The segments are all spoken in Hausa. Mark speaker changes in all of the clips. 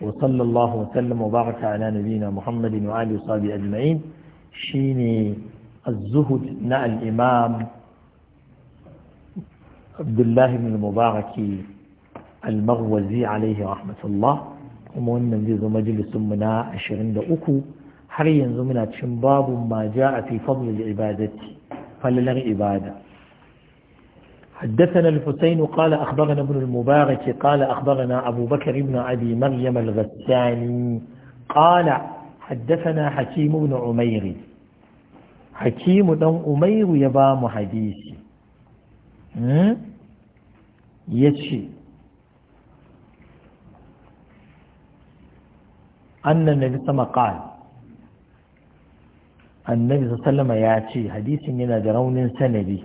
Speaker 1: وصلى الله وسلم وبارك على نبينا محمد وآله وصحبه أجمعين شيني الزهد نع الإمام عبد الله بن المبارك المغوزي عليه رحمة الله ومن نجز مجلس منا عشرين دقوكو حريا زمنا تشنباب ما جاء في فضل العبادة فللغ عبادة حدثنا الحسين قال أخبرنا ابن المبارك قال أخبرنا أبو بكر بن أبي مريم الغساني قال حدثنا حكيم بن عمير حكيم بن عمير يبام حديثي يشي أن النبي صلى الله عليه وسلم قال النبي صلى الله عليه وسلم ياتي حديث من درون سندي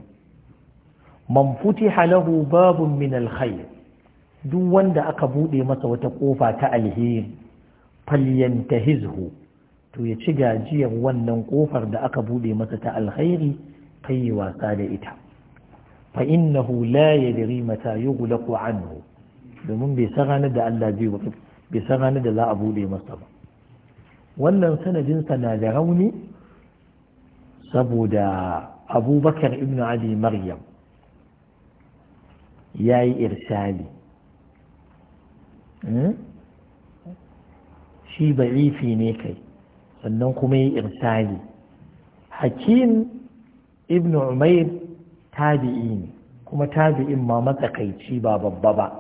Speaker 1: man futiha lahu babun min alkhair duk wanda aka bude masa wata kofa ta alheri falyantahizhu to ya ci gajiyar wannan kofar da aka bude masa ta alkhairi kai yi wasa da ita fa innahu la yadri mata yughlaqu anhu domin bai san ranar da Allah zai bai san ranar da za a bude masa ba wannan sanadin sa na da rauni saboda Abubakar ibn Ali Maryam ya yi irsali hmm? shi ba'ifi ne kai sannan kuma yi irsali hakim ibn umair tabi'i ne kuma tabi'in ma matsakaici ba babba ba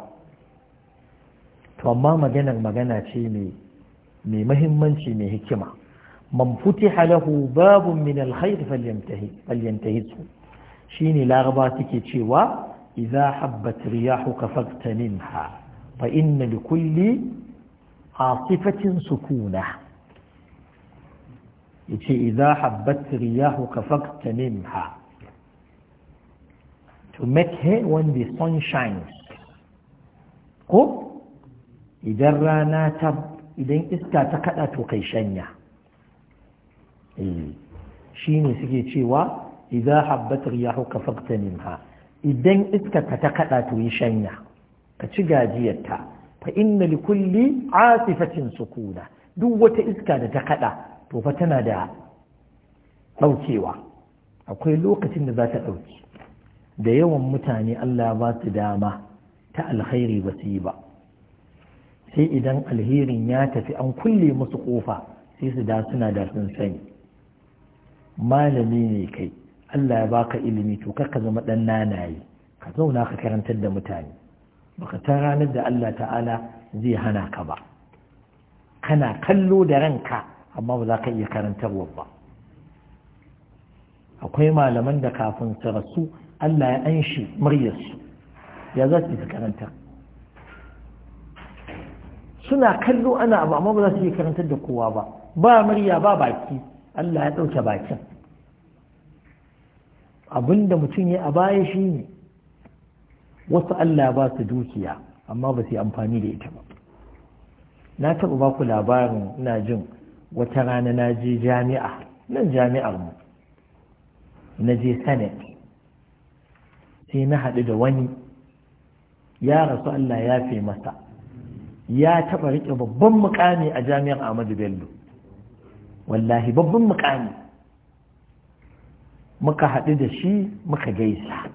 Speaker 1: to amma maganar magana ce mai mahimmanci mai hikima man futiha lahu babun min alkhair falyantahithu shine laraba suke cewa إذا حبت رياحك فاغتنمها فإن لكل عاصفة سكونه يتي إذا حبت رياحك فاغتنمها to make hay when the sun shines ko idan rana ta idan iska ta kada to kai shanya eh. shine suke cewa idan habbat riyahu ka faqtaninha idan iskarka ta kaɗa to yi shanya ka ci gajiyarta fa inna li kulli asifatin sukuna duk wata iska da ta kaɗa to fa tana da ɗaukewa akwai lokacin da za ta ɗauki da yawan mutane Allah ba su dama ta alkhairi ba su yi ba sai idan alherin ya tafi an kulle musu kofa sai su da suna da sun sani malami ne kai Allah ya baka ilimi to ka zama dan nanaye ka zauna ka karantar da mutane baka ta ranar da Allah ta'ala zai hana ka ba kana kallo da ranka amma ba za ka iya karantarwa ba akwai malaman da kafin su rasu Allah ya anshi muryarsu ya za su karantar suna kallo ana abu amma ba za su iya karantar da kowa ba ba murya ba baki Allah ya ɗauke bakin abinda mutum ya a baya shi ne wasu Allah ba su dukiya amma ba su yi amfani da ita ba na taɓa ba ku labarin ina jin wata rana na je jami'a nan jami'ar mu na je senate sai na haɗu da wani ya rasu Allah ya fi masa ya taɓa riƙe babban mukami a jami'ar Ahmadu Bello wallahi babban mukami muka haɗu da shi muka gaisa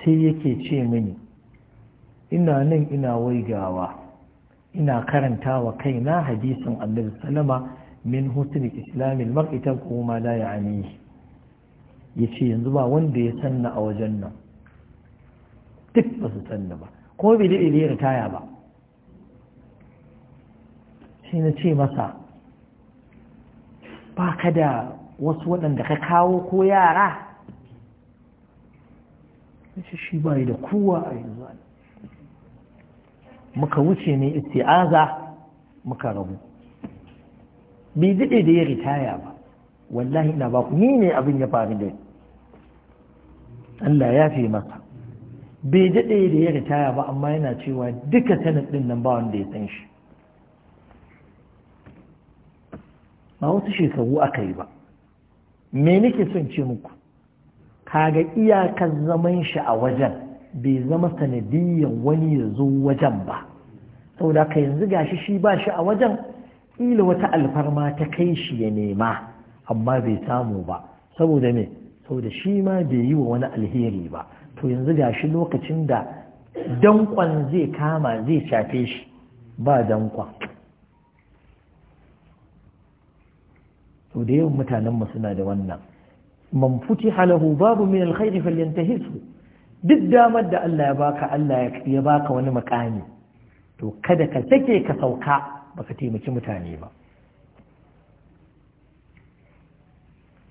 Speaker 1: sai yake ce mini ina nan ina waigawa ina karanta wa kaina hadisin annabi salama min islam al mar'i tarku ma la ya'ni yace yanzu ba wanda ya sanna a wajen nan duk ba su sanna ba ko bai da iliyar taya ba sai na ce masa ba kada. wasu waɗanda ka kawo ko yara shi shi bai da kowa a yanzu muka wuce ne isti'aza muka rabu bai daɗe da ya ritaya ba wallahi na ba ni ne abin ya faru da Allah ya fi masa bai daɗe da ya ritaya ba amma yana cewa duka sanad ɗin nan ba wanda ya san shi ba wasu shekaru aka yi ba me nake son ce muku kaga iyakar zaman shi a wajen bai zama sanadiyan wani ya zo wajen ba saboda ka yanzu gashi shi ba shi a wajen ƙila wata alfarma ta kai shi ya nema amma bai samu ba saboda me saboda shi ma bai yi wa wani alheri ba to yanzu gashi lokacin da dankon zai kama zai shafe shi ba dankon to da yawan mutanenmu mu suna da wannan man futi lahu babu min alkhair falyantahisu duk damar da Allah ya baka Allah ya baka wani makami to kada ka sake ka sauka baka taimaki mutane ba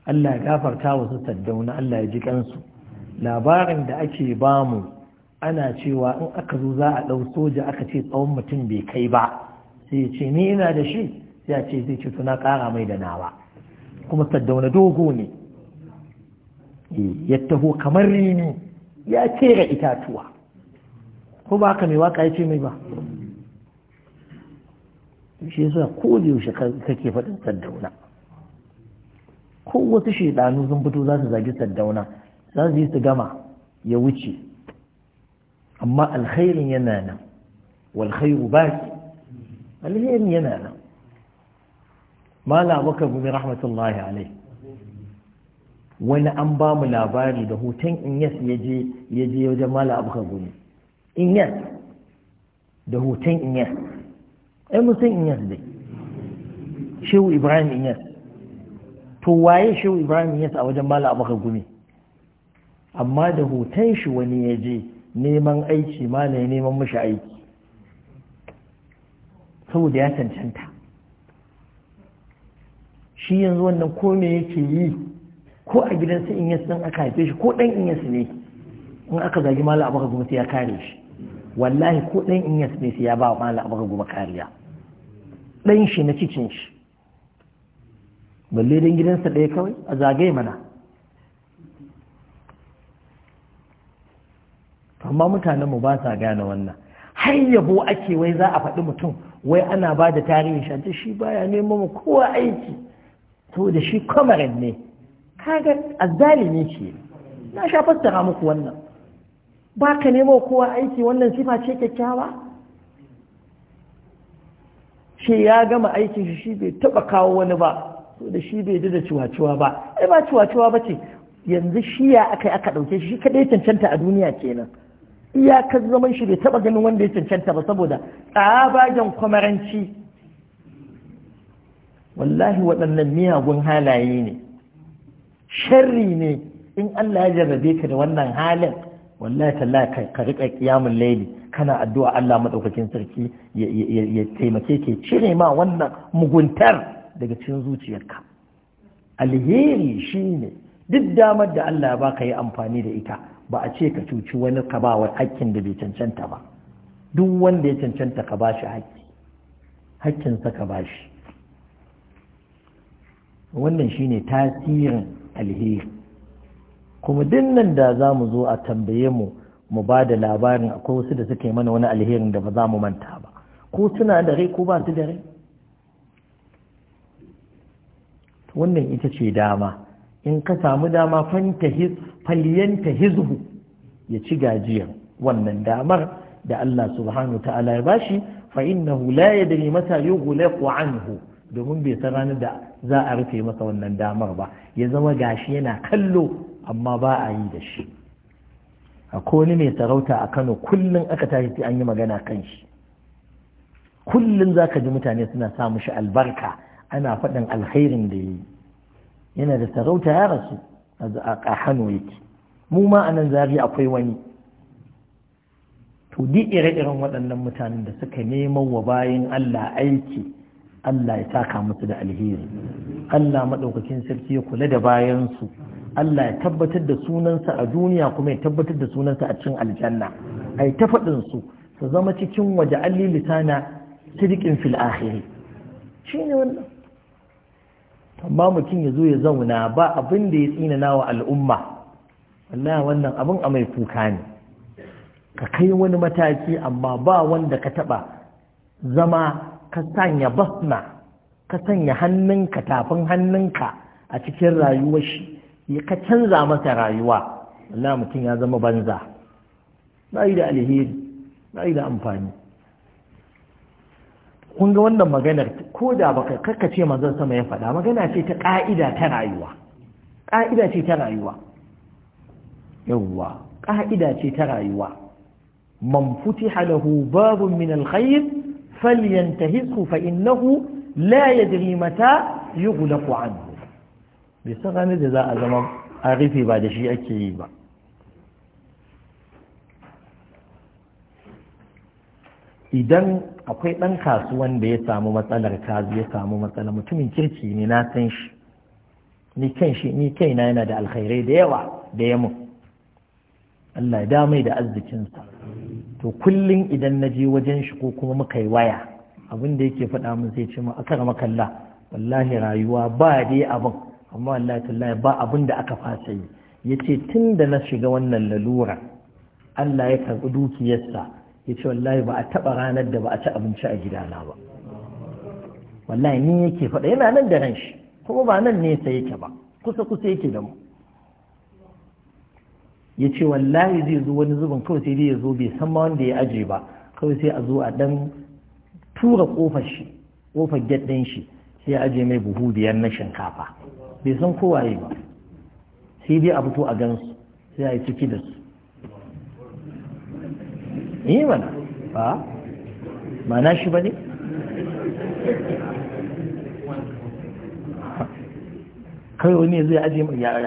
Speaker 1: Allah ya gafarta wa su saddauna Allah ya ji kansu labarin da ake bamu ana cewa in aka zo za a ɗau soja aka ce tsawon mutum bai kai ba sai ce ni ina da shi sai a ce zai ce na ƙara mai da nawa kuma saddauna dogo ne eh, ya taho kamar rini ya tera itatuwa ko ba ka mai waka ya ce mai ba shi yasa ko da yaushe kake faɗin saddauna ko wasu shaidanu sun fito za su zagi saddauna za su yi su gama ya wuce amma alkhairin yana nan والخير Alkhairin yana nan. malamu ka gumi rahmatullahi alai wani an ba mu labari da hoton inyas ya je ya je wajen malamu ka gumi inyas da hoton inyas ai mun san inyas dai shehu ibrahim inyas to waye shehu ibrahim inyas a wajen malamu ka gumi amma da hoton shi wani ya je neman aiki ma ne neman mashi aiki saboda ya cancanta shi yanzu wannan ko me yake yi ko a gidansa in yasu ɗan aka haife shi ko ɗan in yasu ne in aka zagi mala abu ka sai ya kare shi wallahi ko ɗan in yasu ne sai ya ba mala abu ka kariya ɗan shi na cikin shi balle dan gidansa ɗaya kawai a zagaye mana amma mutanen mu ba sa gane wannan har yabo ake wai za a faɗi mutum wai ana ba da tarihin shi shi baya neman kowa aiki to da shi kwamarin ne kaga azzalimi ce na sha fassara muku wannan ba ka nemo kowa aiki wannan sifa ce kyakkyawa shi ya gama aikin shi shi bai taba kawo wani ba to da shi bai da ciwaciwa ba ai ba ciwaciwa ba ce yanzu shi ya aka aka ɗauke shi kaɗai cancanta a duniya kenan iyakar zaman shi bai taba ganin wanda ya cancanta ba saboda tsabagen kwamaranci wallahi waɗannan miyagun halaye ne sharri ne in Allah ya jarrabe ka da wannan halin wallahi talla ka rika kiyamun laili kana addu'a Allah maɗaukakin sarki ya taimake ke cire ma wannan muguntar daga cikin zuciyarka alheri shi ne duk damar da Allah ba ka yi amfani da ita ba a ce ka cuci wani ka ba hakkin da bai cancanta ba duk wanda ya cancanta ka ba shi hakki hakkinsa ka ba shi wannan shine tasirin alheri kuma dinnan da za mu zo a tambaye mu mu ba da labarin akwai wasu da suka yi mana wani alherin da ba za mu manta ba ko suna da rai ko ba su da rai wannan ita ce dama in ka samu dama falyanta hizbu ya ci gajiyar wannan damar da Allah subhanahu ta'ala ya bashi fa innahu la yadri mata yughlaqu anhu domin bai san ranar da za a rufe masa wannan damar ba ya zama gashi yana kallo amma ba a yi da shi a ni mai sarauta a kano kullum aka tashi sai an yi magana kan shi kullum za ka ji mutane suna sa mushi albarka ana faɗin alkhairin da ya yi yana da sarauta ya rasu a hannu yake mu ma a nan zari akwai wani to duk ire-iren waɗannan mutanen da suka neman wa bayan allah aiki Allah ya taka musu da alheri Allah maɗaukakin sarki ya kula da bayansu Allah ya tabbatar da sunansa a duniya kuma ya tabbatar da sunansa a cikin aljanna A ta faɗin su su zama cikin waje alli lisana sirkin fil shi ne wannan ba mutum ya zo ya zauna ba abin da ya tsina wa al'umma wallahi wannan abin a mai kuka ne ka kai wani mataki amma ba wanda ka taɓa zama ka sanya basma ka sanya hannunka tafin hannunka a cikin rayuwar shi ka canza masa rayuwa Allah mutum ya zama banza ba yi da alheri ba yi da amfani kun ga wannan maganar ko da baka karkace manzon sama ya faɗa magana ce ta ƙa'ida ta rayuwa ƙa'ida ce ta rayuwa yawwa ƙa'ida ce ta rayuwa man futiha lahu babun min alkhair فلينتهزه ranar da za a zama a rufe ba da shi ake yi ba. idan akwai ɗan kasuwan da ya samu matsalar kazi ya samu matsala mutumin kirki ne na san shi ni kan shi ni kaina yana da alkhairai da yawa da yamu Allah ya damai da arzikinsa to kullum idan na je wajen shi ko kuma muka yi waya abin da yake faɗa min sai ce a kar makalla wallahi rayuwa ba dai abin amma wallahi tallahi ba abin da aka fasa yi Yace ce tun da na shiga wannan lalura Allah ya karɓi dukiyarsa ya ce wallahi ba a taɓa ranar da ba a ci abinci a gida na ba wallahi ni yake faɗa yana nan da ran shi kuma ba nan ne sai yake ba kusa kusa yake da mu ya ce wallahi zai zo wani zubin kawai sai dai ya zo bai san ma wanda ya aje ba kawai sai a zo a dan tura kofar shi kofar ɗin shi sai ya aje mai buhu biyar na shinkafa bai san kowaye ba sai dai a fito a su sai a yi ciki da su yi eh mana ba ma na shi ba ne kai wani zai aje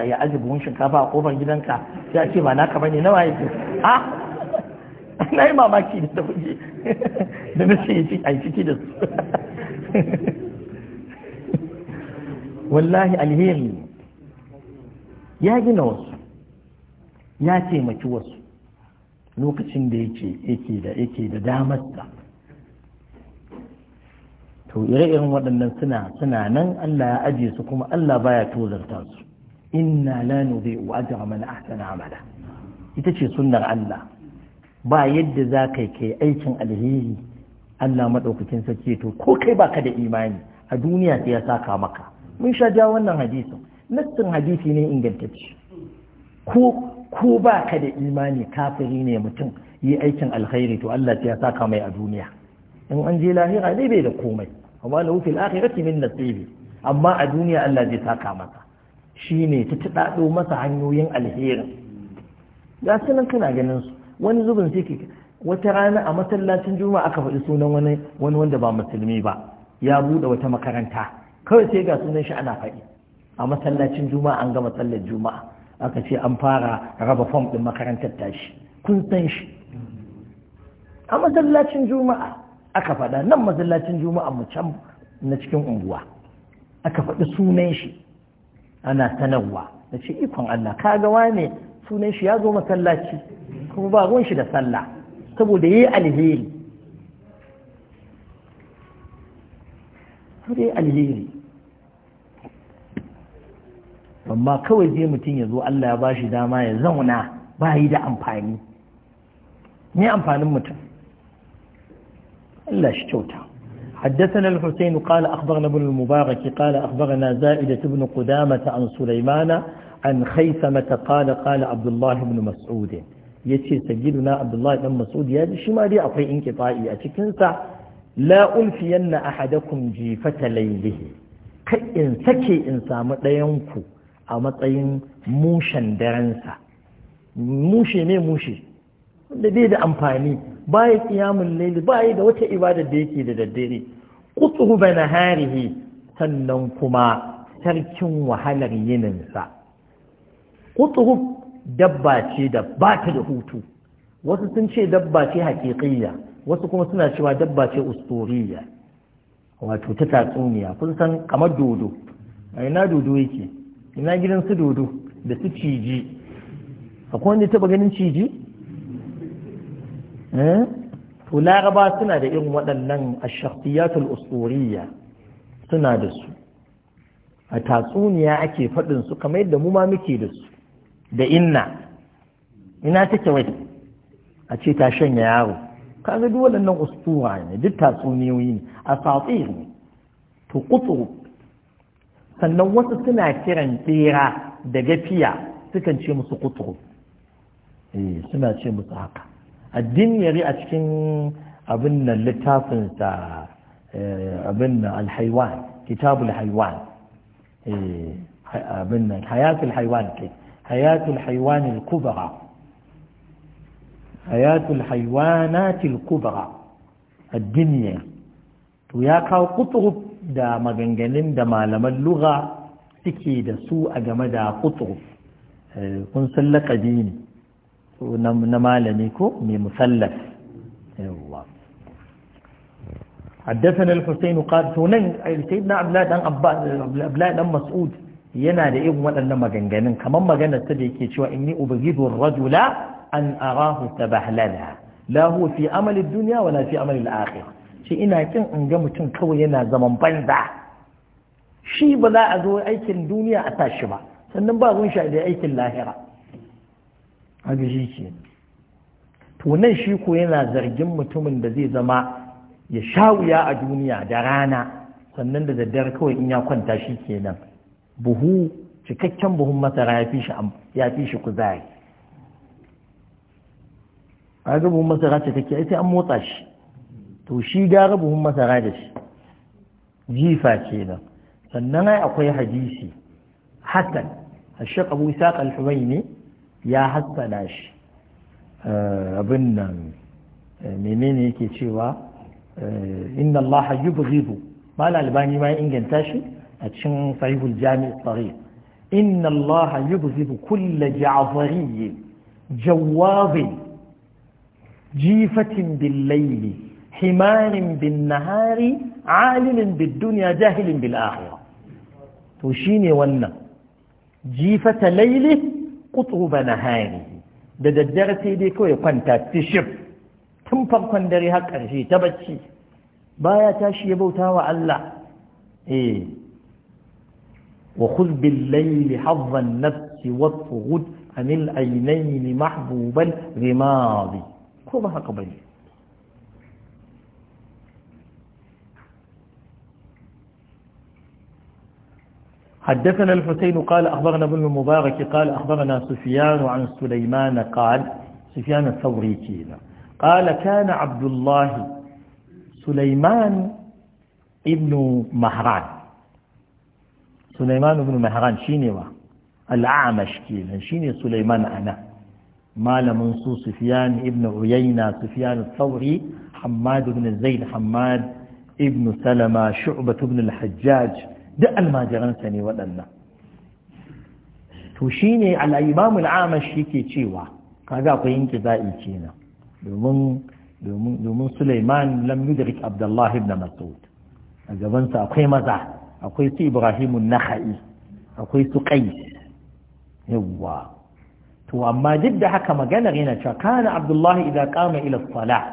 Speaker 1: ya aje buhun shinkafa a kofar gidanka sai a ce ba naka bane nawa yake a ah! na yi mamaki da ta da na ce a yi ciki da su wallahi alheri ya gina wasu ya taimaki wasu lokacin da yake da damar da to ire-iren waɗannan suna suna nan Allah ya aje su kuma Allah baya tozarta su inna la wa ajra man ahsana amala ita ce sunnar Allah ba yadda za kai kai aikin alheri Allah madaukakin sarki to ko kai baka da imani a duniya sai ya saka maka mun sha ja wannan hadisin nassin hadisi ne ingantacce ko ko baka da imani kafiri ne mutum yi aikin alkhairi to Allah sai ya saka mai a duniya in an je lahira dai bai da komai amma lahu fil akhirati min nasibi amma a duniya Allah zai saka masa shine ta tadado masa hanyoyin alheri ga sunan kana ganin su wani zubin sai wata rana a masallacin juma'a aka faɗi sunan wani wani wanda ba musulmi ba ya bude wata makaranta kawai sai ga sunan shi ana faɗi a masallacin juma'a an gama sallar juma'a aka ce an fara raba fom din makarantar tashi kun san shi a masallacin juma'a aka faɗa nan masallacin juma'a mu can na cikin unguwa aka faɗi sunan shi ana sanarwa na ce ikon Allah ka ga wane sunan shi ya zo masallaci kuma ba ruwan shi da sallah saboda yayi alheri sai alheri amma kawai zai mutum ya zo Allah ya bashi dama ya zauna ba yi da amfani ne amfanin mutum Allah shi kyauta حدثنا الحسين قال أخبرنا ابن المبارك قال أخبرنا زائدة بن قدامة عن سليمان عن خيثمة قال قال عبد الله بن مسعود يتي سجدنا عبد الله بن مسعود يا شما دي أطي انقطاعي أتكنسع لا ألفين أحدكم جيفة ليله كإن سكي إنسان لينكو أما طين موشن درنسا موشي مي موشي wanda bai da amfani ba baya kiyamun laili baya da wata ibada da yake da daddare na Harihi sannan kuma sarkin wahalar yininsa quthu dabba ce da ba ta da hutu wasu sun ce dabba ce haƙiƙiyya wasu kuma suna cewa dabba ce usturiyya wato ta tatsuniya kun san kamar dodo a ina dodo yake ina gidan su dodo da su ciji akwai wanda taɓa ganin ciji Eh? to laraba suna da irin waɗannan ashakhtiyatul usuriya suna da su a tatsuniya ake faɗin su kamar yadda mu ma muke da su da inna ina take wai a ce ta shanya yaro ga duk waɗannan ustura ne duk tatsuniyoyi ne a tsatsir ne to kutsuru sannan wasu suna kiran tsera da gafiya sukan ce musu kutsuru eh, suna ce musu haka الدين يري أتكين أبن اللتاف آه، أبن الحيوان كتاب الحيوان آه، أبن حياة الحيوان حياة الحيوان الكبرى حياة الحيوانات الكبرى الدنيا وياك قطب دا مغنغنين دا معلم اللغة تكي سوء جمدا قطب آه، كن سلق na malami ko mai musallas yawwa حدثنا الحسين قال تونين سيدنا عبد الله دان عباس عبد الله دان مسعود yana da irin waɗannan maganganun kamar maganar ta da yake cewa inni ubghidu ar-rajula an arahu tabahlala la huwa fi amali ad-dunya wala fi amali al-akhirah shi ina kin in ga mutum kawai yana zaman banza shi ba za a zo aikin duniya a tashi ba sannan ba ruwan shi da aikin lahira haka ke to nan shi ko yana zargin mutumin da zai zama ya sha wuya a duniya da rana sannan da daddare kawai in ya kwanta shi kenan buhu cikakken buhun masara ya fi shi kuzari a ga buhun masara cikakke sai an motsa shi to shi gara buhun masara da shi jifa kenan sannan ai akwai hadisi hasan الشيخ أبو إساق ne. ya hassana shi abin nan menene yake cewa inna Allah yubghidu mal albani ma inganta shi a cikin sahihul jami' sahih inna Allah yubghidu kull ja'fari jawaz jifatin bil layli himanin bin nahari alimin bid dunya jahilin bil akhirah to shine wannan jifata layli na naharihi da daddare sai dai kawai kwanta tishif tun farkon dare har ƙarshe ta bacci baya tashi ya bauta wa Allah eh wa khudh bil layli hadha an wa tughud anil aynayn mahbuban rimadi ko ba haka bane حدثنا الحسين قال أخبرنا ابن المبارك قال أخبرنا سفيان عن سليمان قال سفيان الثوري كينا قال كان عبد الله سليمان ابن مهران سليمان ابن مهران شيني الأعمش كينا شيني سليمان أنا مال منصو سفيان ابن عيينة سفيان الثوري حماد بن زيد حماد ابن سلمة شعبة بن الحجاج duk almajiransa ne waɗannan to shi ne al'imamu shi yake cewa kaga akwai yin kiza'i kenan na. domin Suleiman lam Abdullahi ibn Mas'ud a gabansa akwai maza akwai su Ibrahim Nakhai akwai su Qais yawwa to amma duk da haka maganar yana cewa kana Abdullahi idan kama ila salah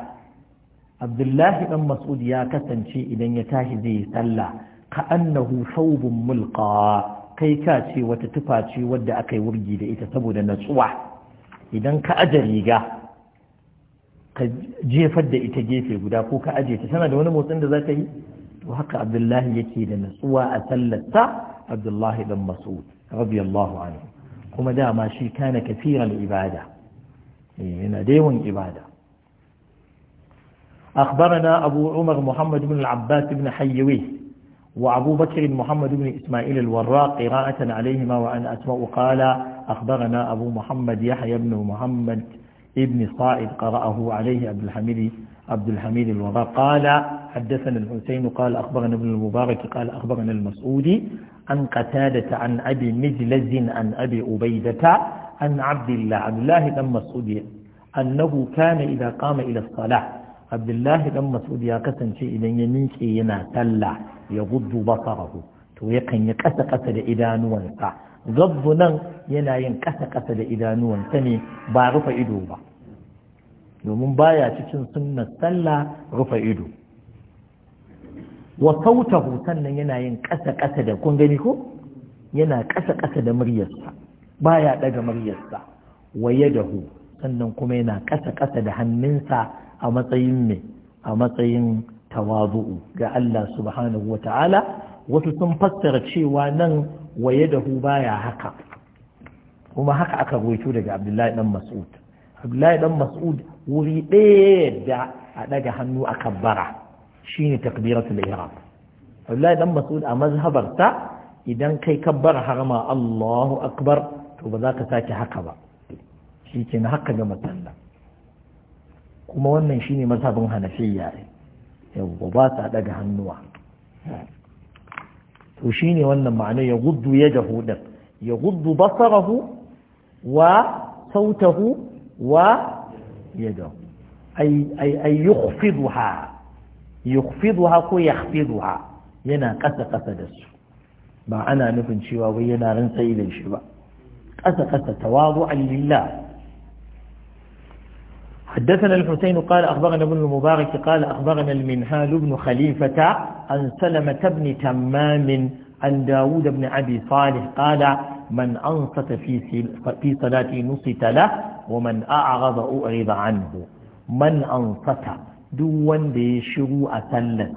Speaker 1: Abdullahi dan Mas'ud ya kasance idan ya tashi zai yi sallah ka annahu thawbun mulka kai ka ce wata tufa ce wadda aka yi wurgi da ita saboda natsuwa idan ka aje riga ka jefar da ita gefe guda ko ka aje ta tana da wani motsin da za ta yi to haka abdullahi yake da natsuwa a sallarsa abdullahi dan mas'ud radiyallahu anhu kuma dama shi kana kafiran ibada eh, yana da yawan ibada أخبرنا أبو عمر محمد بن العباس بن حيوي وأبو بكر محمد بن إسماعيل الوراق قراءة عليهما وأن أسماء قال أخبرنا أبو محمد يحيى بن محمد ابن صائد قرأه عليه عبد الحميد عبد الحميد الوراق قال حدثنا الحسين قال أخبرنا ابن المبارك قال أخبرنا المسعودي عن قتادة عن أبي مجلز عن أبي أبيدة عن عبد الله عبد الله بن مسعود أنه كان إذا قام إلى الصلاة abdullahi dan mas'ud ya kasance idan ya ninke yana talla ya guddu basarahu to yakan yi kasa kasa da idanuwansa gabbu nan yana yin kasa kasa da idanuwansa ne ba rufa ido ba domin baya cikin sunnar talla rufa ido wa sautahu sannan yana yin kasa kasa da kun gani ko yana kasa kasa da muryarsa baya daga muryarsa wa yadahu sannan kuma yana kasa kasa da hannunsa a matsayin me a matsayin tawazu'u ga Allah subhanahu wata'ala wasu sun fassara cewa nan waye da hu baya haka kuma haka aka ruwaito daga Abdullahi dan Mas'ud Abdullahi dan Mas'ud wuri ɗaya da a ɗaga hannu a kabbara shine takbiratul ihram Abdullahi dan Mas'ud a mazhabarta idan kai kabbara harama Allahu akbar to ba za ka sake haka ba shi haka ga masallah kuma wannan shine mazhabin hanafiya yawwa ba sa daga hannuwa to shine wannan ma'ana ya guddu ya jahu din ya guddu basarahu wa sautahu wa yadahu ay ay ay yukhfidha yukhfidha ko yakhfidha yana kasa kasa da su ba ana nufin cewa wai yana rantsa da shi ba kasa kasa tawadu'an lillah حدثنا الحسين قال أخبرنا ابن المبارك قال أخبرنا المنهال بن خليفة عن سلمة بن تمام عن داود بن أبي صالح قال من أنصت في في صلاة نصت له ومن أعرض أعرض عنه من أنصت دون دي شروع أسلت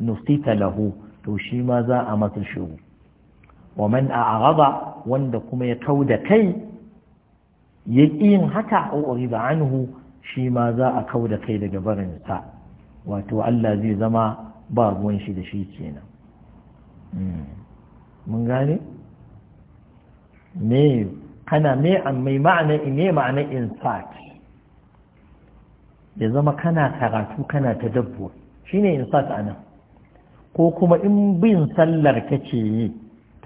Speaker 1: نصت له توشي ماذا أمس الشروع ومن أعرض وندكم يكود كي يلئين حتى أعرض عنه shi ma za a kau da kai daga barinsa wato Allah zai zama ba ruwan shi da shi kenan hmm. mun gane me kana me mai ma'ana ne ma'ana insat ya zama kana karatu kana tadabbur shine sat anan ko kuma in bin sallar kake yi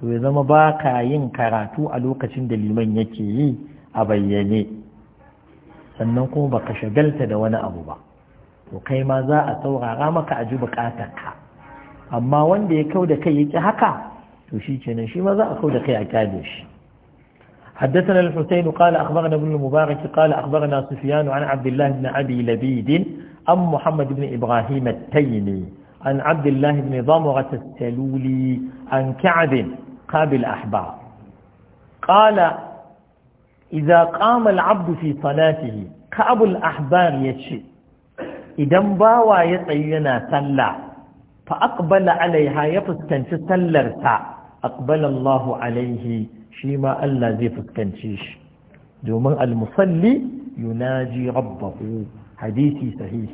Speaker 1: to ya zama ba ka yin karatu a lokacin da liman yake yi a bayyane sannan kuma baka shagalta da wani abu ba to kai ma za a saurara maka aji ji bukatarka amma wanda ya kau da kai yake haka to shi kenan shi ma za a kau da kai a kyale shi حدثنا الحسين قال أخبرنا ابن المبارك قال أخبرنا سفيان عن عبد الله بن أبي لبيد أم محمد بن إبراهيم التيني عن عبد الله بن ضمرة السلولي عن كعب قابل أحبار قال Iza ƙamal abdu fi salatihi ka'abul ahbar yace idan bawa ya tsayi yana sallah fa aqbala alaiha ya fuskanci sallarsa aqbala Allahu alaihi shi ma Allah zai fuskanci shi domin al-musalli yunaji rabbahu hadisi sahihi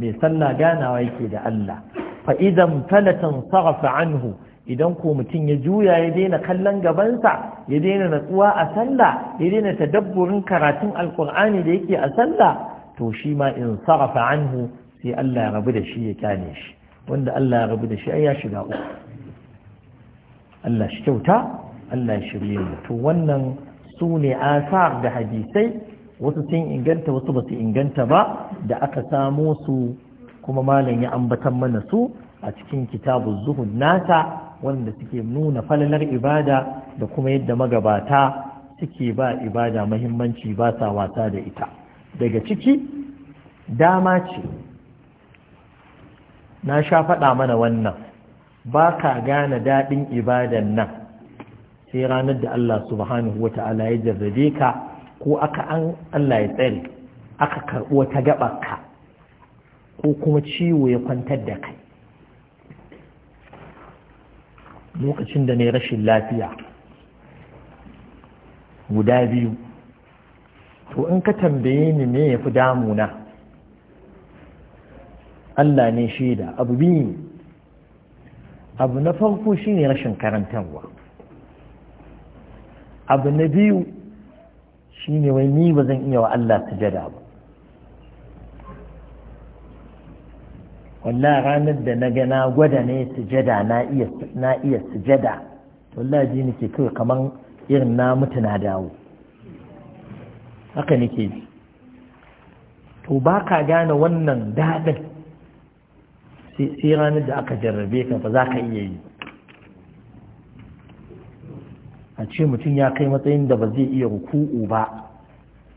Speaker 1: mai sallah ganawa yake da Allah fa idan talatan sarafa anhu idan ko mutum ya juya ya daina kallon gabansa ya daina natsuwa a sallah ya daina tadabburin karatun alkur'ani da yake a sallah to shi ma in sarrafa anhu sai Allah ya rabu da shi ya kyale shi wanda Allah ya rabu da shi ai ya shiga uku Allah shi kyauta Allah ya shirye mu to wannan su ne asar da hadisai wasu sun inganta wasu ba su inganta ba da aka samo su kuma malam ya ambatan mana su a cikin kitabun zuhud nasa wanda suke nuna falalar ibada da kuma yadda magabata suke ba ibada mahimmanci ba sa wasa da ita daga ciki dama ce na sha faɗa mana wannan ba ka gane daɗin ibadan nan sai ranar da Allah subhanahu wa ta'ala ya jarrabe ka ko aka an Allah ya tsare aka karɓo ta wata ka, ko kuma ciwo ya kwantar da kai lokacin da ne rashin lafiya guda biyu to in ka tambaye ni me ya fi damuna Allah ne shaida abu biyu abu na farko shine rashin karantarwa abu na biyu shine wai ni ba zan iya wa Allah sujada ba wallah ranar da na ga na gwada ne sujada na iya na iya sujada wallah ji nake kai kaman irin na mutu na dawo haka nake ji to ba ka gane wannan dadin, sai ranar da aka jarrabe ka ba za ka iya yi a ce mutum ya kai matsayin da ba zai iya ruku'u ba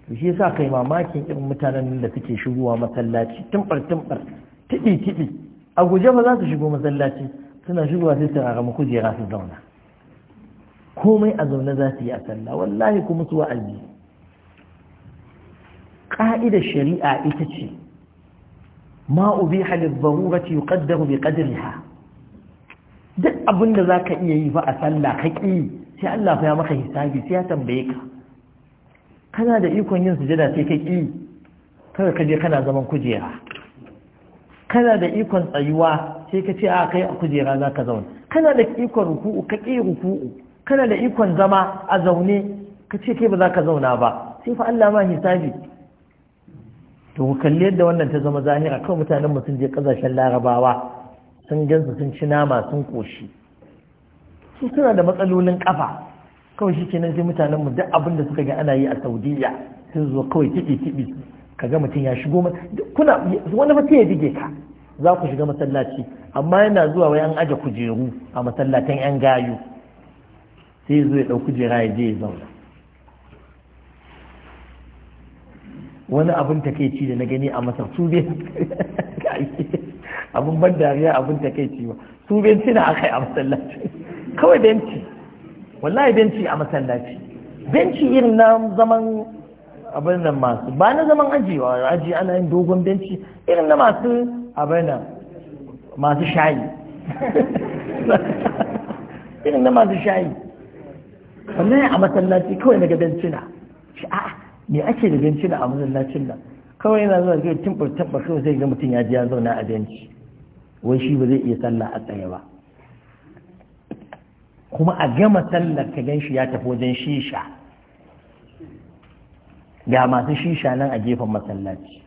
Speaker 1: to shi yasa kai mamakin irin mutanen da suke shigowa masallaci tumbar tumbar kiɗi-kiɗi a guje ba za su shigo masallaci suna shigowa sai su rarama kujera su zauna komai a zaune za su yi a sallah wallahi kuma su wa'azi ƙa'ida shari'a ita ce ma ubi ubiha ce darurati bai bi ha, duk abin da ka iya yi ba a sallah ka ƙi sai Allah fa ya maka hisabi sai ya tambaye ka kana da ikon yin sujada sai ka ƙi kada ka je kana zaman kujera kana da ikon tsayuwa sai ka ce a kai a kujera za ka zauna kana da ikon ruku'u ka ƙi ruku'u kana da ikon zama a zaune ka ce kai ba za ka zauna ba sai fa Allah ma hisabi to ku kalli yadda wannan ta zama zahira kawai mutanen mutum je ƙasashen larabawa sun gansu sun ci nama sun ƙoshi su suna da matsalolin kafa kawai shi kenan sai mutanen mu duk abin da suka ga ana yi a saudiya sun zo kawai kiɗi kiɗi Ka ga mutum ya shigo kuna wani mutum ya dige ka za ku shiga masallaci amma yana zuwa wai an aje kujeru a masallatan yan gayu sai zo ya ɗauki kujera ya je ya zauna wani abin takeici da na gani a masar su abin ban dariya abin takeici ba su bai suna akai a masallaci kawai benci wallahi benci a masallaci benci irin na zaman abin nan masu ba na zaman wa aji ana yin dogon benci irin na masu abin nan masu shayi irin na masu shayi ya a masallaci kawai na ga bencina a me ake da bencina a masallacin nan kawai yana zuwa zai tun tabba kawai zai ga mutum ya ji ya zauna a benci wai shi ba zai iya sallah a tsaye ba kuma a gama sallar ka gan shi ya tafi wajen shisha ga masu shisha nan a gefen masallaci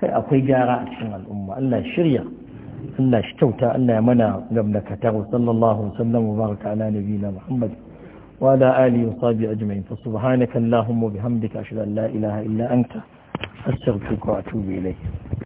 Speaker 1: kai akwai gyara a cikin al'umma Allah shirya Allah shi kyauta Allah ya mana gamdakatar sallallahu alaihi wa baraka ala nabiyina Muhammad wa ala alihi wa sahbihi ajma'in fa subhanaka allahumma bihamdika ashhadu an la ilaha illa anta astaghfiruka wa atubu ilayk